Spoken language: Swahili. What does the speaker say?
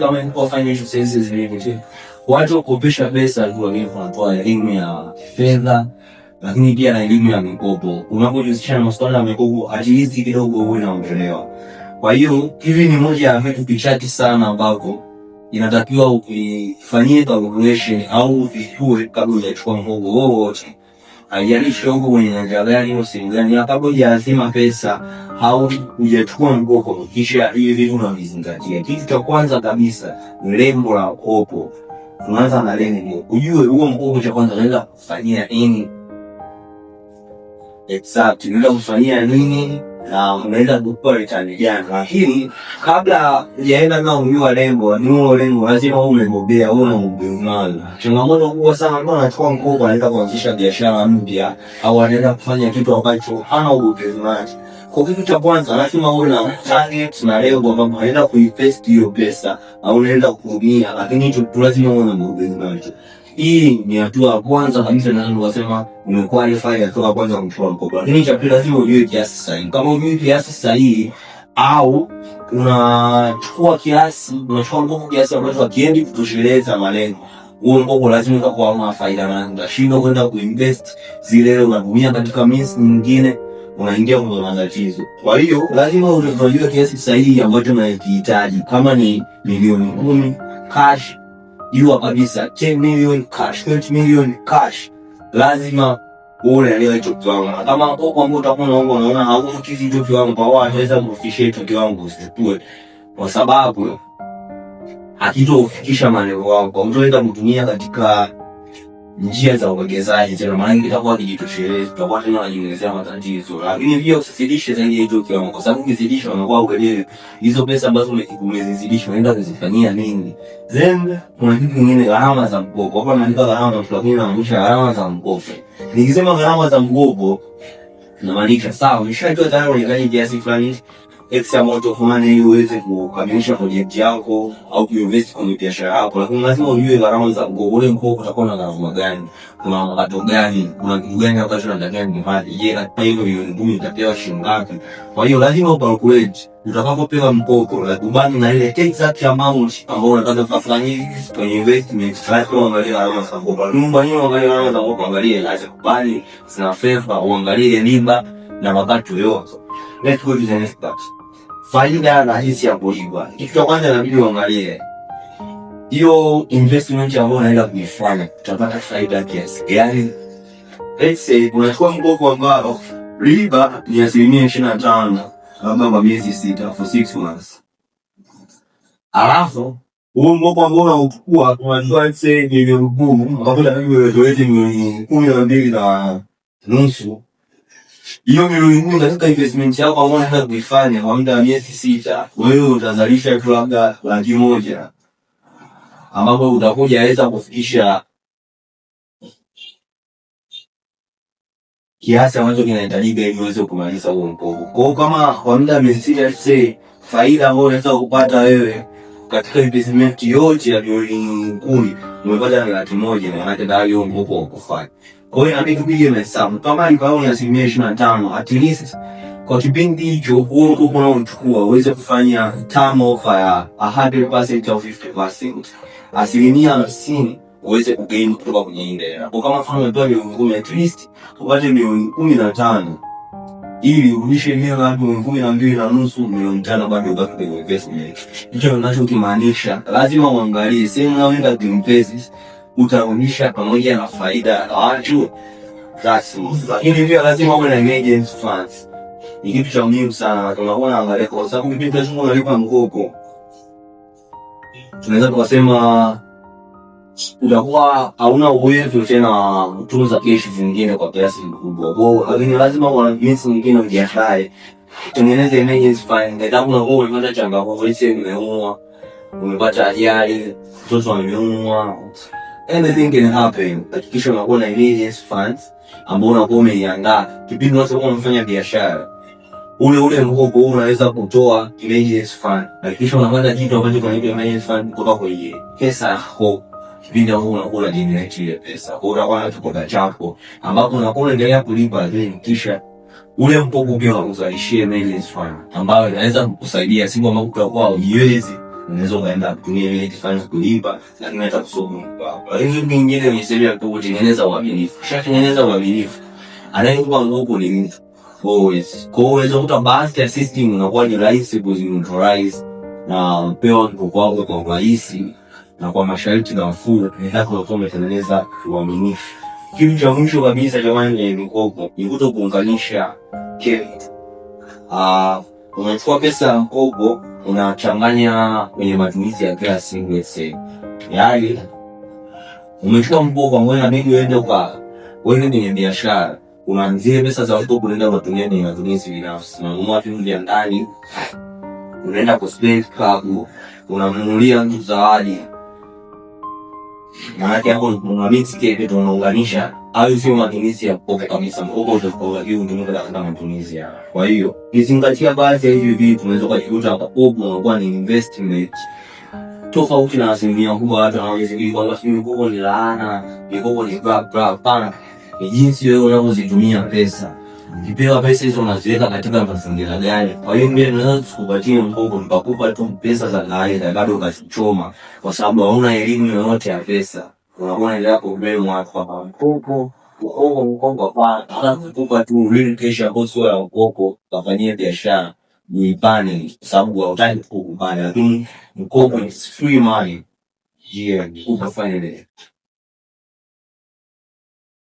government or financial services Watu wakopesha pesa pesa ndio wanatoa elimu ya fedha, lakini pia na elimu ya mikopo. Unapojihusisha na masuala ya mikopo, at kidogo uwe unaondolewa. Kwa hiyo hivi ni moja ya vitu vichache sana ambako inatakiwa ukifanyie oh, oh, oh, calculation au vijue kabla hujachukua mkopo wowote haijalishi huko kwenye nyanja gani au sehemu gani, kabla hujazima pesa au hujachukua mkopo, kisha hivi vitu unavizingatia. Kitu cha kwanza kabisa ni lengo la mkopo. Tunaanza na lengo, ujue huo mkopo cha kwanza unaenda kufanyia nini, exact unaenda kufanyia nini na mnaenda kukua cha jana, lakini kabla ujaenda na unyua lembo ni wewe lazima uwe umebobea, uwe umeumana. Changamoto kubwa sana, mtu anachukua mkopo anaenda kuanzisha biashara mpya au anaenda kufanya kitu ambacho hana ubobezi nacho. Kwa kitu cha kwanza lazima uwe na target na lengo, kwamba unaenda kuinvest hiyo pesa au unaenda kutumia, lakini hicho lazima uwe na ubobezi nacho hii ni hatua ya kwanza kabisa, na ndio wasema umequalify hatua ya kwanza kumchukua mkopo. Lakini cha pili, lazima ujue kiasi sahihi. Kama ujue kiasi sahihi au unachukua kiasi, unachukua mkopo kiasi ambacho hakiendi kutosheleza malengo, huo mkopo lazima utakuwa una faida na utashinda kwenda kuinvest zile unatumia katika means nyingine, unaingia kwenye matatizo. Kwa hiyo lazima ujue kiasi sahihi ambacho unakihitaji, kama ni milioni kumi cash jua kabisa 10 million cash, 20 million cash, lazima uone leo hicho kiwango. Na kama hapo ambao utakuwa unaomba unaona hauko kizi hicho kiwango, kwa wao anaweza kufikisha hicho kiwango usitue, kwa sababu akitofikisha malengo yako. Mtu anaenda kutumia katika njia za uwekezaji tena, maana itakuwa kijitoshelezi, tutakuwa tena najiongezea matatizo. Lakini pia usizidishe zaidi ya hicho kiwango, kwa sababu ukizidisha unakuwa ukelewe hizo pesa ambazo umezizidisha unaenda kuzifanyia nini. Then kuna kitu kingine, gharama za mkopo. Hapa naandika gharama za mkopo, namaanisha gharama za mkopo. Nikisema gharama za mkopo namaanisha sawa, umeshajua tayari unahitaji kiasi fulani extra amount of money ili uweze kukamilisha project yako au kuinvest kwenye biashara yako, lakini lazima ujue gharama za ule mkopo utakuwa na gharama gani, kuna mkato gani, kuna kitu gani ambacho unatakiwa kuhifadhi. Je, katika hiyo milioni kumi utapewa shilingi ngapi? Kwa hiyo lazima ukalkulate utakapopewa mkopo na kubana na ile exact amount ambayo unataka kufanya hivi kwenye investment. Lazima uangalie gharama za mkopo, nyumba hiyo, uangalie gharama za mkopo, angalie lazima kubali zina favor, uangalie riba na mapato yote. Let's go to the next part faida na rahisi ya kuiba. Kitu cha kwanza inabidi uangalie hiyo investment ambayo unaenda kuifanya utapata faida kiasi gani. Let's say unachukua mkopo ambao riba ni asilimia ishirini na tano labda kwa miezi sita, for six months, alafu huo mkopo ambao unachukua unajua, let's say milioni kumi, ambapo inabidi uweze milioni kumi na mbili na nusu hiyo miungu katika investment yako ambao unaenda kuifanya kwa muda wa miezi sita, wewe utazalisha tu labda laki moja ambapo utakuja aweza kufikisha kiasi ambacho kinahitajika ili uweze kumaliza huo mkopo. Kwa hiyo kama kwa muda wa miezi sita, faida ambayo unaweza kupata wewe katika investment yote ya ulimwenguni umepata laki moja na hata dawa yao huko kufanya. Kwa hiyo inabidi tupige mahesabu. Kama ni asilimia ishirini na tano at least kwa kipindi hicho huo huko unaochukua uweze kufanya term offer ya 100% au 50%, asilimia hamsini uweze kugain kutoka kwenye ile. Kwa kama mfano umepewa milioni kumi at least upate milioni kumi na tano ili urudishe hela hapo milioni kumi na mbili na nusu milioni tano bado ubaki kwenye investment. Hicho kimaanisha, lazima uangalie sehemu unaoenda kuinvest utaonyesha pamoja na faida ya watu lakini pia lazima uwe na emergency funds. Ni kitu cha muhimu sana, watu wanaona angalia, kwa sababu kipindi cha unalipa mkopo tunaweza tukasema utakuwa hauna uwezo tena kutunza kesho zingine kwa kiasi kikubwa, Kwa hiyo lakini lazima kwa jinsi nyingine ujiandae, tengeneze emergency fund. Kama unakuwa umepata changamoto, polisi imeumwa, umepata ajali, mtoto ameumwa, anything can happen. Hakikisha unakuwa na emergency funds ambao unakuwa umeiandaa kipindi unachokuwa unafanya biashara ule ule mkopo unaweza kutoa emergency fund. Hakikisha unapata kitu ambacho kinaitwa emergency fund kutoka kwenye pesa yako kipindi ambapo unakuwa generate ile pesa, kwa unakuwa na kipato chako ambapo unakuwa unaendelea kulipa, lakini kisha ule mkopo pia unakuzalishia maintenance fund ambayo inaweza kukusaidia siku ambapo utakuwa hujiwezi, unaweza ukaenda kutumia ile fund kulipa, lakini hata kusoma kwa hiyo ni nyingine kwenye sheria tu kutengeneza uaminifu, kisha tengeneza uaminifu anayekuwa mkopo ni mtu always. Kwa hiyo unaweza kuta baadhi ya system unakuwa ni rahisi kuzinutralize na pewa mkopo wako kwa urahisi na kwa masharti nafuu, endapo utakuwa umetengeneza uaminifu. Kitu cha mwisho kabisa jamani, eh, ni mikopo ni kuto kuunganisha credit. Ah, unachukua pesa ya mkopo unachanganya kwenye matumizi ya kila siku, yaani umechukua mkopo kwa ambao mimi uende kwa wewe kwenye biashara unaanzia pesa za mkopo unaenda unatumia ni matumizi binafsi, unanunua vitu vya ndani, unaenda kwa spend club, unamnunulia mtu zawadi maanake hapo kuna mix kile tunaunganisha au sio matumizi ya popo kabisa, mkopo utakuwa hiyo ndio mtu anataka matumizi ya. Kwa hiyo kizingatia baadhi ya hivi vitu, unaweza kujikuta kwa popo oh, unakuwa ni investment tofauti na asilimia kubwa watu wanaojifikiri kwamba sijui mkoko ni laana, mkoko ni grab grab. Pana ni jinsi wewe unavyozitumia pesa mkipewa pesa hizo unaziweka katika mazingira gani? Kwa hiyo mimi naweza kukupatia mkopo, mkakupa tu pesa za kawaida, bado ukachoma, kwa sababu hauna elimu yoyote ya pesa. Unakuwa endelea kubebwa watu kwa mkopo mkopo mkopo, kwa hata kupa tu real cash ambayo sio ya mkopo, kafanyia biashara niipane, kwa sababu hautaki kukubali, lakini mkopo ni free money. Yeah, utafanya nini?